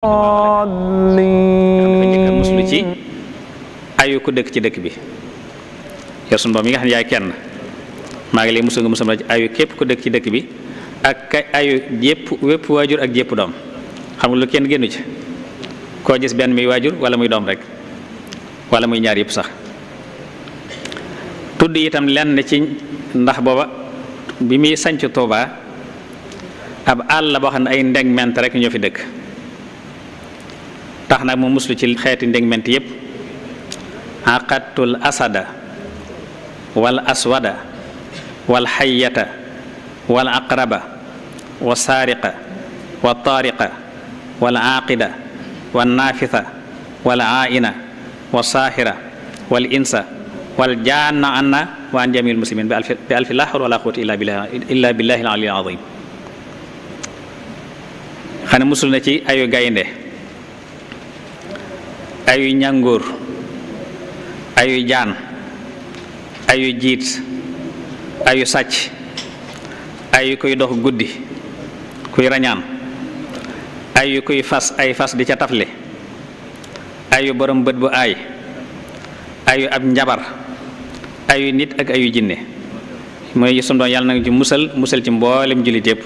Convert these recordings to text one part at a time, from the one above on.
njëkk muslu ci ayu ko dëkk ci dëkk bi yow sunu borom yi xam ne kenn maa ngi lay musul nga musul ci ayu képp ko dëkk ci dëkk bi ak ayu wépp waajur ak jépp doom xam nga lu kenn génnu ci koo gis benn muy waajur wala muy doom rek wala muy ñaar yëpp sax tudd itam lenn ci ndax booba bi muy sañc Tuuba ab àll boo xam ne ay ndeg ment rek ñoo fi dëkk tax nag mu muslu ci xeeti ndégment yépp aqattul asada wal aswada wal xayata wal aqraba wa saariqa wa taariqa wal aaqida wal naafita wal aaina wa saahira wal insa wal jaanna anna wa an jamil muslimin bi alfi laa hawla wala quwwata illa illa billahi al ali al azim xane musul na ci ayu gaynde ayu ñàngoor ayu jaan ayu jiit ayu sàcc ayu kuy dox guddi kuy rañaan ayu kuy fas ay fas di ca tafle ayu borom bët bu ay ayu ab njabar ayu nit ak ayu jinne mooy yu sundoon yàlla nag ci musal musal ci mboolem jullit yépp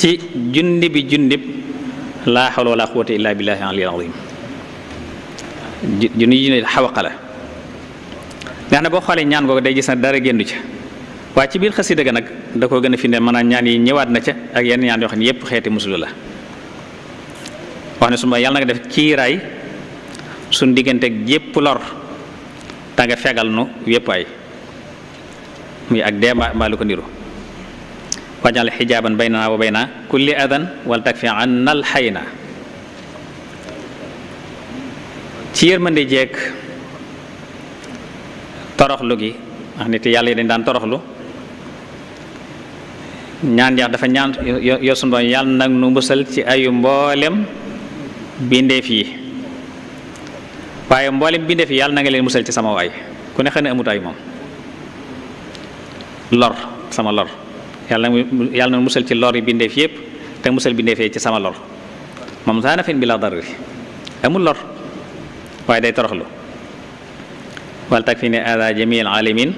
ci junni bi junnib laa xawla wala quwwata illaa billaahi aliyil ju nu junne xawaqa la nga xam ne boo xoolee ñaan googu day gis na dara génn ca waaye ci biir xasida ga nag da koo gën a man a ñaan yi ñëwaat na ca ak yenn ñaan yoo xam ne yépp xeeti musulu la wax ne suma ma yàlla def kiiraay suñ diggante yépp lor te fegal nu yépp ay muy ak dee mbaa lu ko niru wajal xijaaban baynana wa bayna kulli adan wal takfi an nal xayna ci yërmande jeeg toroxlu gi ndax nit yàlla yi dañ daan toroxlu ñaan yax dafa ñaan yo suñu borom nag nu musal ci ayu mboolem bindeef yi waaye mboolem bindeef yi yàlla na nga leen musal ci sama waay ku ne xëy amut ay moom lor sama lor yàlla na yàlla musal ci lor yi bindeef yépp te musal bindeef yi ci sama lor moom saana fin bi la darri amul lor waaye day toroxlu wal tak fi ne ada jamil alamin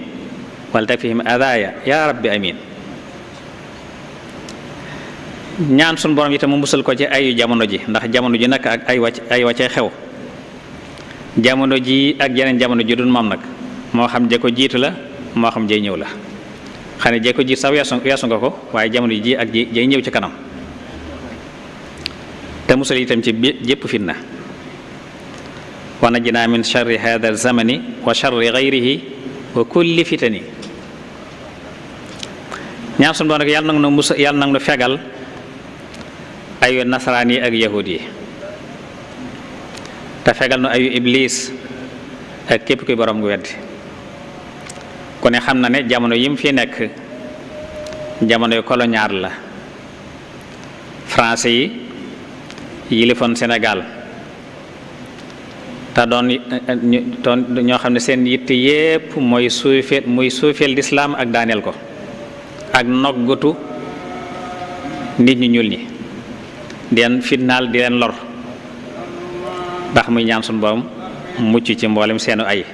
wal tak fihim adaya ya rabbi amin ñaan sun borom itam mu musal ko ci ayu jamono ji ndax jamono ji nag ak ay wàcc ay wàccee xew jamono ji ak jeneen jamono ji dun moo xam je ko la moo xam jay ñëw la xam ne jee ko jiit sax weesu nga ko waaye jamono ji ak ji jay ñëw ci kanam te musal itam ci jépp fitna wa najjinaa min charri hada alzamani wa charri gayrihi wa kulli fitani ñaan sunu doon rek yàlla nag nu musa yàlla nag nu fegal ayu nasaraan yi ak yahud yi te fegal nu ayu iblis ak képp kuy borom gu weddi ku ne xam na ne jamono yim fi nekk jamonoy colonial la français yi yilifoon Sénégal te doon ñoo xam ne seen yitt yépp mooy suufeel muy suufeel lislaam ak daaneel ko ak noggatu nit ñu ñuul ñi di fitnaal di leen lor baax muy ñaan suñ borom mucc ci mboolem seenu ay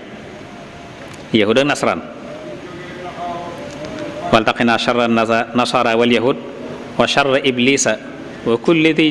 yahud ak nasaraan waltaqina sharra nasara wal yahud wa sharra iblisa wa kulli di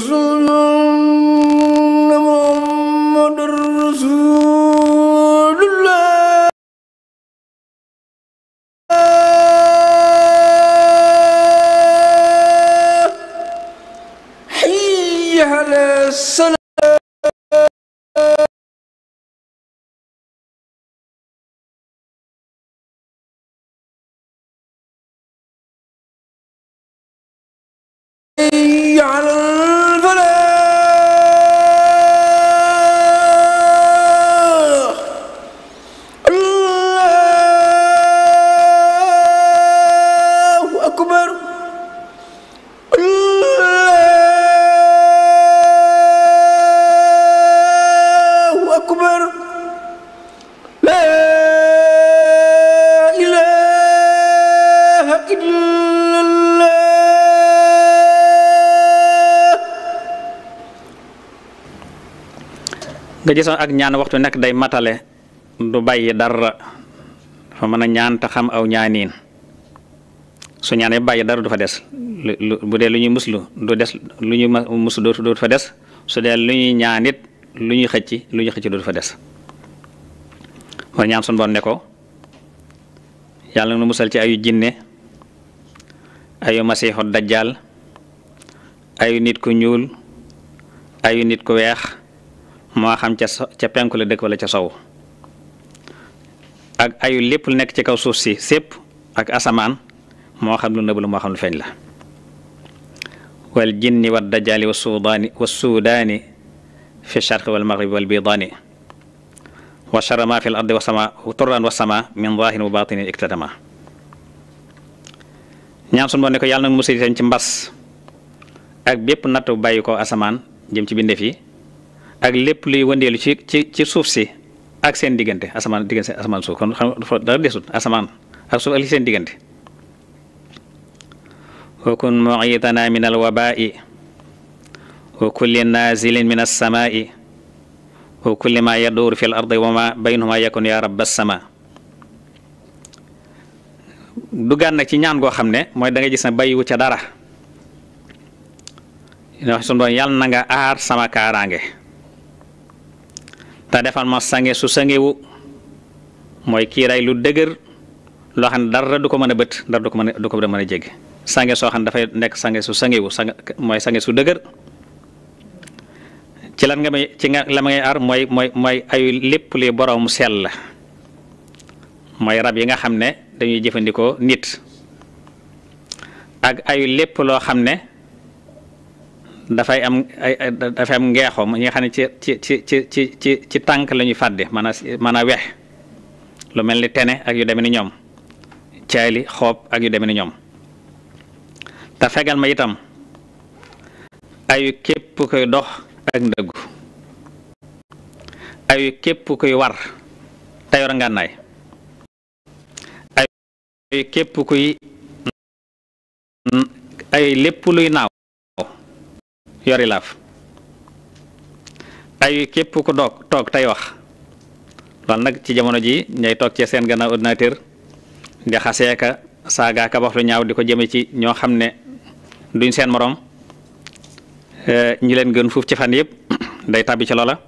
رسول nga gisoon ak ñaan waxtu nekk day matale du bàyyi dara dafa mën a ñaan te xam aw ñaaniin su ñaanee bàyyi dara du fa des lu bu dee lu ñuy muslu du des lu ñuy muslu dootu fa des su lu ñuy ñaan lu ñuy xëcc lu ñuy xëcc dootu fa des mooy ñaan sun boon yàlla na musal ci ayu jinne ayu masiixu dajjaal ayu nit ku ñuul ayu nit ku weex moo xam ca ca penku la dëkk wala ca sow ak ayu lépp lu nekk ci kaw suuf si sépp ak asamaan moo xam lu nëbb la moo xam lu feeñ la wal jinni wad dajaali wa suudaani wa suudaani fi charq wal maghribi wal bidaani wa charra fi ardi wa sama turran wa sama min zahirin wa batinin iktatama ñaan sun boo ne ko yàlla nag musul ci mbas ak bépp natt bàyyi ko asamaan jëm ci bindéef yi ak lépp luy wëndeelu ci ci ci suuf si ak seen diggante asamaan diggante asamaan suuf kon seen diggante wa kun mu'itana min alwabai wa kulli nazilin min alsamai wa kulli ma yaduur fi l ardi wa ma baynahuma yakun rabba sama duggaan nag ci ñaan goo xam ne mooy da nga gis ne bàyyiwu ca dara ndax sunu doon yàlla na nga aar sama kaaraange te defal ma sange su sangewu mooy kiiraay lu dëgër loo xam ne dara du ko mën a bët dara du ko mën a du ko mën a jéggi sange soo xam ne dafay nekk sange su sangewu sange mooy sange su dëgër ci lan nga may ci nga lama ma ar mooy mooy mooy ayu lépp li borom sell la mooy rab yi nga xam ne dañuy jëfandikoo nit ak ayu lépp loo xam ne dafay am ay dafay am ngeexoo ñi xam ne ci ci ci ci ci ci tànk lañuy ñuy fàdde mën a mën a wex lu mel ni tene ak yu deme ni ñoom caayli xoob ak yu demee ni ñoom te fegal ma itam ayu képp koy dox ak ndëggu ayu képp koy war te yor ngànnaay ayu képp kuy ay lépp luy naaw yori laaf tey képp ku toog tey wax loolu nag ci jamono ji ñay toog ci seen gannaaw ordinateur di xaseeka saagaaka wax ñaaw di ko jëme ci ñoo xam ne duñ seen moroom eh, ñi leen gën fuuf ci fan yëpp day tàbbi ci loola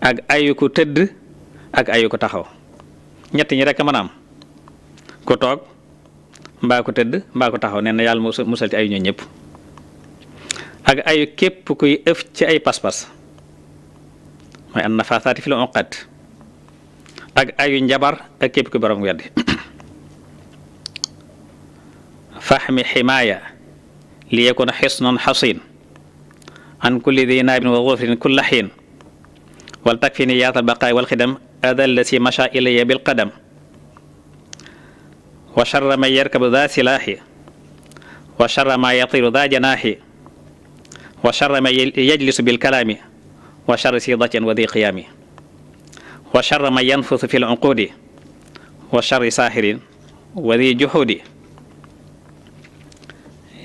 ak ayu ku tëdd ak ayu taxaw ñett ñi rek mën am ku toog mbaa ku tëdd mbaa ku taxaw nee na yàlla musal ci ayu ñoo ñëpp ak ayu képp kuy ëf ci ay pas-pas mooy an nafaasaati fi la uqad ak ayu njabar ak képp kuy borom weddi faxmi ximaaya li yakun xisnun xasin an kulli di naabin wa gufrin kulla xiin wal takfi ni yaatal baqaay wal xidam adal si macha ilaya bil qadam wa charra man yarkabu daa silaaxi wa charra ma yatiru daa janaaxi wa charra ma yajlisu bil kalaami wa charra sidatin wa di qiyaami wa charra ma yanfusu fil unquudi wa wa di juxuudi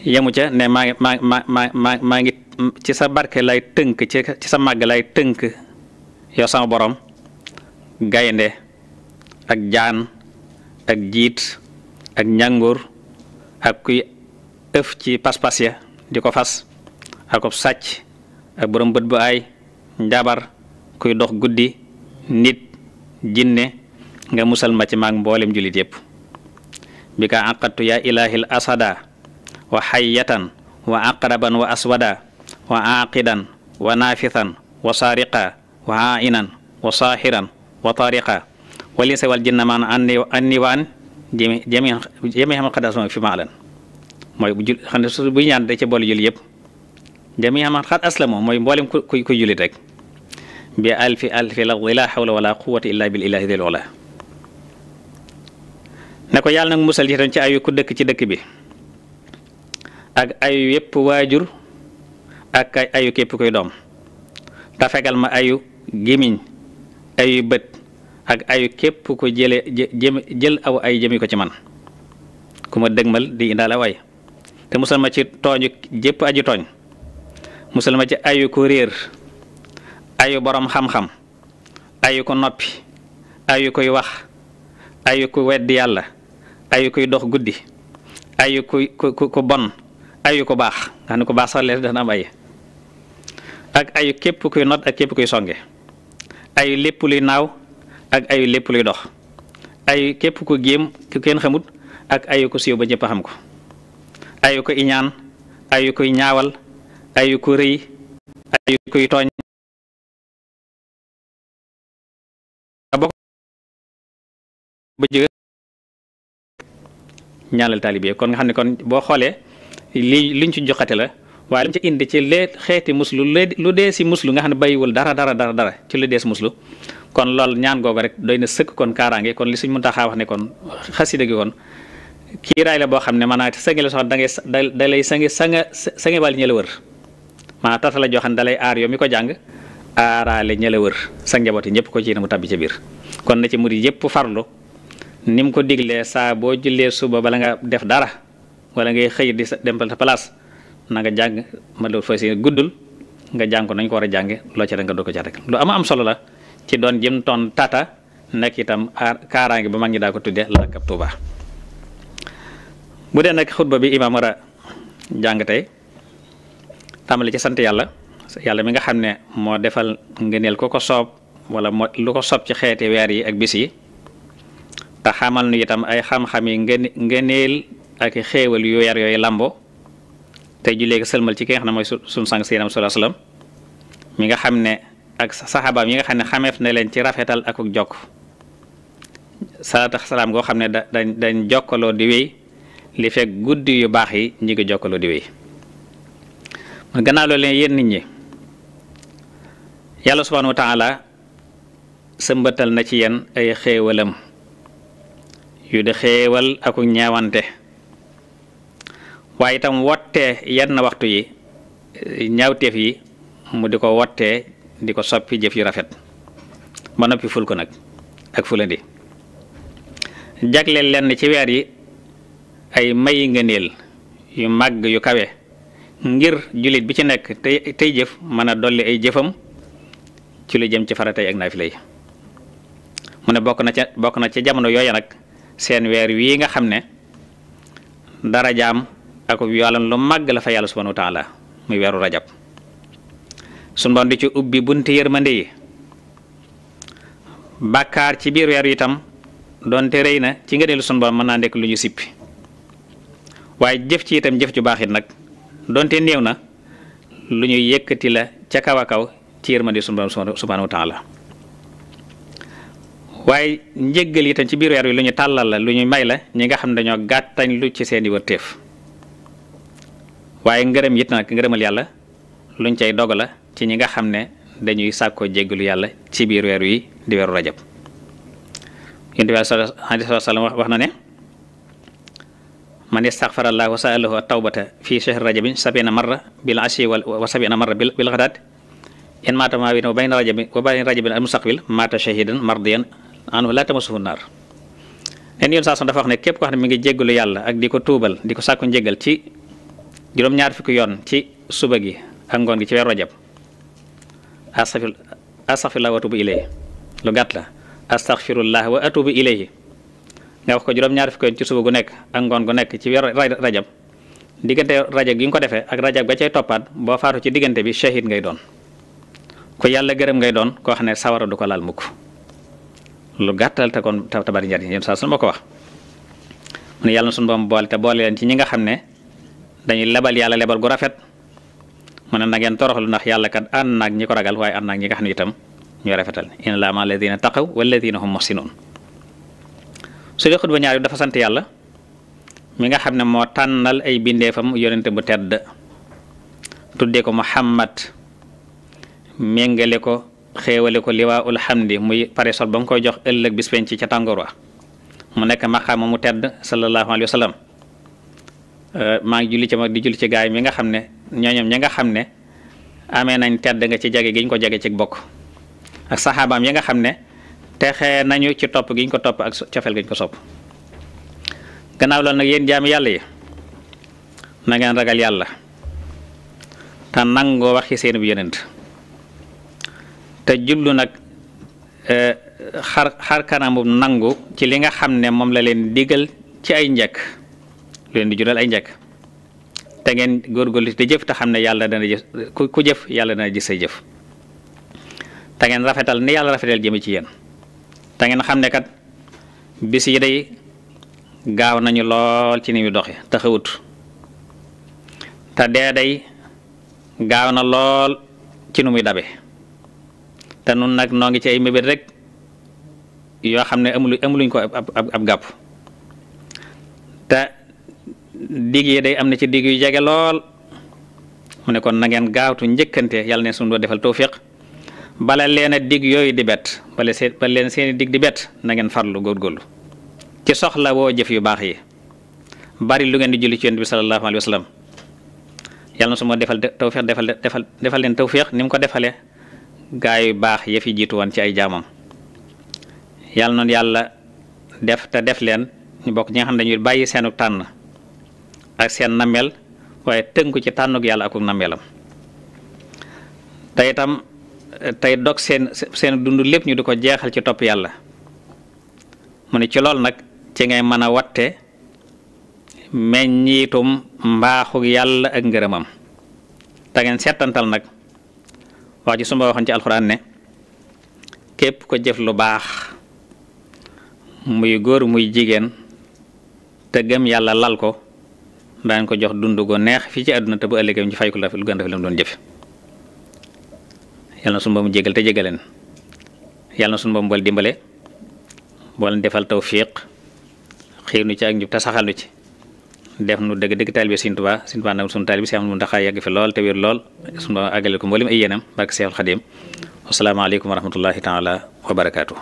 yemu ca ne maa ngi maa maa maa ngi ci sa barke lay tënk ci sa màgg lay tënk yow sama borom gaynde ak jaan ak jiit ak ñàngur ak kuy ëf ci pas-pas ya di ko fas akob sàcc ak borom bët bu aay njabar kuy dox guddi nit jinne nga musal ma ci maag mboolem jullit yépp bi ka àqattu yaa ilaahil asada wa xayyatan wa aqraban wa aswada wa aqidan wa naafitan wa saariqa wa ainan wa saahiran wa tariqa walisa wal jinna maan anni waan jami jami xam fi maalan mooy bu jul xam su bu ñaan da ca boole jullit jami'a man xat aslamo mooy mboolem ku ku ku jullit ne ko yàlla nag musal ci ayu ku dëkk ci dëkk bi ak ayu yépp waajur ak ayu képp kuy doom te fegal ma ayu gémmiñ ayu bët ak ayu képp ku jël aw ay jëmi ko ci man kuma ma dëgmal di indaale waay te musal ma ci tooñu jépp aju tooñ musal ma ci ayu ko réer ayu borom xam-xam ayu ko noppi ayu koy wax ayu ko weddi yàlla ayu koy dox guddi ayu ko ko ko bon ayu ko baax nga xam ne ko baax saxle leer dana am ay ak ayu képp kuy not ak képp kuy songe ayu lépp luy naaw ak ayu lépp luy dox ayu képp ku géem ku kenn xamut ak ayu ko siiw ba ñëpp xam ko ayu ko iñaan ayu koy ñaawal ayu ku rëy ayu kuy tooñ kon nga xam ne kon boo xoolee li liñ ci joxate la waaye liñ ci indi ci lee xeeti muslu lu dee si muslu nga xam ne bàyyiwul dara dara dara dara ci lu dee si muslu kon loolu ñaan googu rek doy na sëkk kon kaaraange kon li suñ mën taxaa wax ne kon xasida gi kon kiiraay la boo xam ne maanaam sangi la soxla da ngay da sa sangi sanga sangi bal ñi la wër maanaam tasa la joo xam dalay aar yow mi ko jàng aaraale ña la wër sa njaboot yi ñëpp ko ci ne mu tabbi ca biir kon na ci murid yëpp farlu ni mu ko diglee saa boo jullee suba bala nga def dara walla ngay xëy di dem sa place na nga jàng ma loolu fas yéene guddul nga jàng ko nañ ko war a jàng loo ca rek nga doog ko ca rek lu ama am solo la ci doon jëm ton tata nekk itam aar kaaraange ba mag ñi daa ko tuddee làkkab Tuuba bu dee nag xutba bi imaam war a jàng tey tàmbali ci sant yàlla yàlla mi nga xam ne moo defal ngëneel ko ko soob wala moo lu ko soob ci xeeti weer yi ak bis yi te xamal nu itam ay xam-xam yi ngëneel ak yu weer yooyu làmbo tey ju léegi sëlmal ci ki nga xam ne mooy suñ sang si sallallahu mi nga xam ne ak saxaabaam yi nga xam ne xameef na leen ci rafetal ak jokk salaatu salaam goo xam ne da dañ dañ jokkaloo di wéy li fekk guddi yu baax yi ñi jokkaloo di wéy man gannaaw loolu leen yéen nit ñi yàlla subhaanahu wa taala sëmbatal na ci yéen ay xéewalam yu di xéewal aku ñaawante waaye itam wottee yenn waxtu yi ñaawteef yi mu di ko wottee di ko soppi jëf yu rafet ba noppi ful ko nag ak fulandi jagleel lenn ci weer yi ay mayi ngëneel yu màgg yu kawe ngir jullit bi ci nekk tey tey jëf mën a dolli ay jëfam ci lu jëm ci faratay ak naafila yi mu ne bokk na ca bokk na ca jamono yooya nag seen weer wii nga xam ne darajaam ak yoolan lu màgg la fa yàlla subhanahu wa taala weeru rajab sun bon ci ubbi bunti yërmande yi bàkkaar ci biir weer itam doonte rey na ci ngëneelu sun bon mën naa nekk lu ñu sippi waaye jëf ci itam jëf ju baax nag donte néew na lu ñuy yëkkati la ca kaw a kaw ci yërmande sunu borom subhanahu wa taala waaye njëggal itam ci biir weer wi lu ñu tàllal la lu ñu may la ñi nga xam ne dañoo gàttañ lu ci seeni wërteef waaye ngërëm it nag ngërëmal yàlla luñ cay dog la ci ñi nga xam ne dañuy sàkkoo jéggalu yàlla ci biir weer wi di weeru rajab yonent bi sallallahu wax na ne man istaxfarallah wa saalahu tawbata fi shahri rajabin sabina marra bil ashi wa sabina marra bil ghadaat in maata maa bayna bayna rajabin wa bayna rajabin a mustaqbil maata shahidan mardiyan anhu laa tamassuhu naar leen yoon saa son dafa wax ne képp koo xam ne mi ngi jéggalu yàlla ak di ko tuubal di ko sàkku njéggal ci juróom-ñaar fukki yoon ci suba gi ak ngoon gi ci weer rajab astaghfirullah wa atubu ilayhi lu gàtt la astaghfirullah wa atubu ilayhi nga wax ko juróom-ñaar fukki yoon ci suba gu nekk ak ngoon gu nekk ci weer rajab diggante rajab gi nga ko defee ak rajab ga cay toppaat boo faatu ci diggante bi shahid ngay doon ku yàlla gërëm ngay doon ko xam ne sawara du ko laal mukk lu gàttal te kon te bari njariñ yéen saa su ma ko wax mu ne yàlla na sunu boom boole te boole leen ci ñi nga xam ne dañuy lebal yàlla lebal gu rafet mu ne na ngeen toroxlu ndax yàlla kat ànd naag ñi ko ragal waaye ànd naag ñi nga xam ne itam ñoo rafetal inna laa ma alladina taqaw walladina hum muhsinun su dee xutba ñaar yi dafa sant yàlla mi nga xam ne moo tànnal ay bindeefam yonente bu tedd tuddee ko Muhammad méngale ko xéewale ko liwaa ul hamdi muy parasol ba nga koy jox ëllëg bis penc ca tàngoor wa mu nekk ma maqaama mu tedd sallallahu alayhi wa sallam euh, maa ngi julli ci mag di julli ci gaay mi nga xam ne ñooñoom ñi nga xam ne amee nañ tedd nga ci jage gi ñu ko jage ci bokk ak saxaabaam yi nga xam ne texe nañu ci topp giñ ko topp ak cofeel giñ ko sopp gannaaw la nag yéen jaam yàlla yi na ragal yàlla te nangoo waxi seen bu yonent te jublu nag e, xar xar kanamum nangu ci li nga xam ne moom la leen digal ci ay njëkk lu leen di jural ay njëkk te ngeen góor góorgóorlu te jëf te xam ne yàlla dana jëf ku jëf yàlla dana gis say jëf te ngeen rafetal ni yàlla rafetal jëme ci yéen te ngeen xam ne kat bis yi day gaaw nañu lool ci ni muy doxe te xewut te dee gaaw na lool ci nu muy dabe te nun nag noo ngi ci ay mébét rek yoo xam ne amulu amuluñ ko ab ab gàpp te digg yi day am na ci digg yu jege lool mu ne kon na ngeen gaawtu njëkkante yàlla ne suñu doo defal tawfiq bala leen a dig yooyu di bet bala seen bala leen seeni dig di bet na ngeen farlu góorgóorlu ci soxla woo jëf yu baax yi bari lu ngeen di julli ci yonent bi sallallahu alayhi wa na su ma defal tawféex defal defal defal leen tawféex ni mu ko defalee gaa yu baax ya fi jiitu woon ci ay jaamam yàlla noonu yàlla def te def leen ñu bokk ñi xam ne dañuy bàyyi seenu tànn ak seen nameel waaye ko ci tànnuk yàlla akuk nameelam te tey dog seen seen dund lépp ñu di ko jeexal ci topp yàlla mu ne ci lool nag ci ngeen mën a watte meññiitum mbaaxu yàlla ak ngërëmam da ngeen seetantal nag wax ji suma waxoon ci alxuraan ne képp ko jëf lu baax muy góor muy jigéen te gëm yàlla lal ko daañ ko jox dund gu neex fii ci àdduna te bu ëllëgee ñu fay ko la lu gën a def mu doon jëf yal na sunu borom jégal te jégaleen yal na sunu borom boole dimbale boole defal tawfiq xiir nu ci ak njub te saxal nu ci def nu dëgg dëgg taalibe Sëriñ Tuubaa Sëriñ Tuubaa nag sunu taalibe Seex Ahmadu Muntaxaa yàgg fi lool te wér lool sunu borom ko mboolem ay yéenam barke Seexul Xadiim asalaamaaleykum wa rahmatullahi taala wa barakaatu.